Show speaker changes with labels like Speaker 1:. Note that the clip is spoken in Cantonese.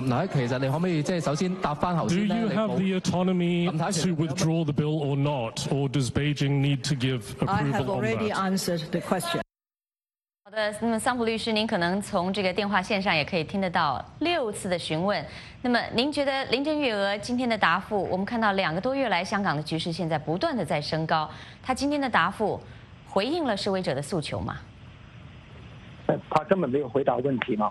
Speaker 1: 林
Speaker 2: 太，其實你可唔可
Speaker 1: 以即係首先答翻頭先 Do you
Speaker 2: have the autonomy to withdraw the bill or not, or does Beijing need to give approval? I have already
Speaker 3: answered the question.
Speaker 4: 好的，那麼桑普律師，您可能從這個電話線上也可以聽得到六次的詢問。那麼您覺得林鄭月娥今天的答覆，我們看到兩個多月來香港的局勢現在不斷的在升高，她今天的答覆，回應了示威者的訴求嗎？她根本
Speaker 1: 沒有回答問題嘛。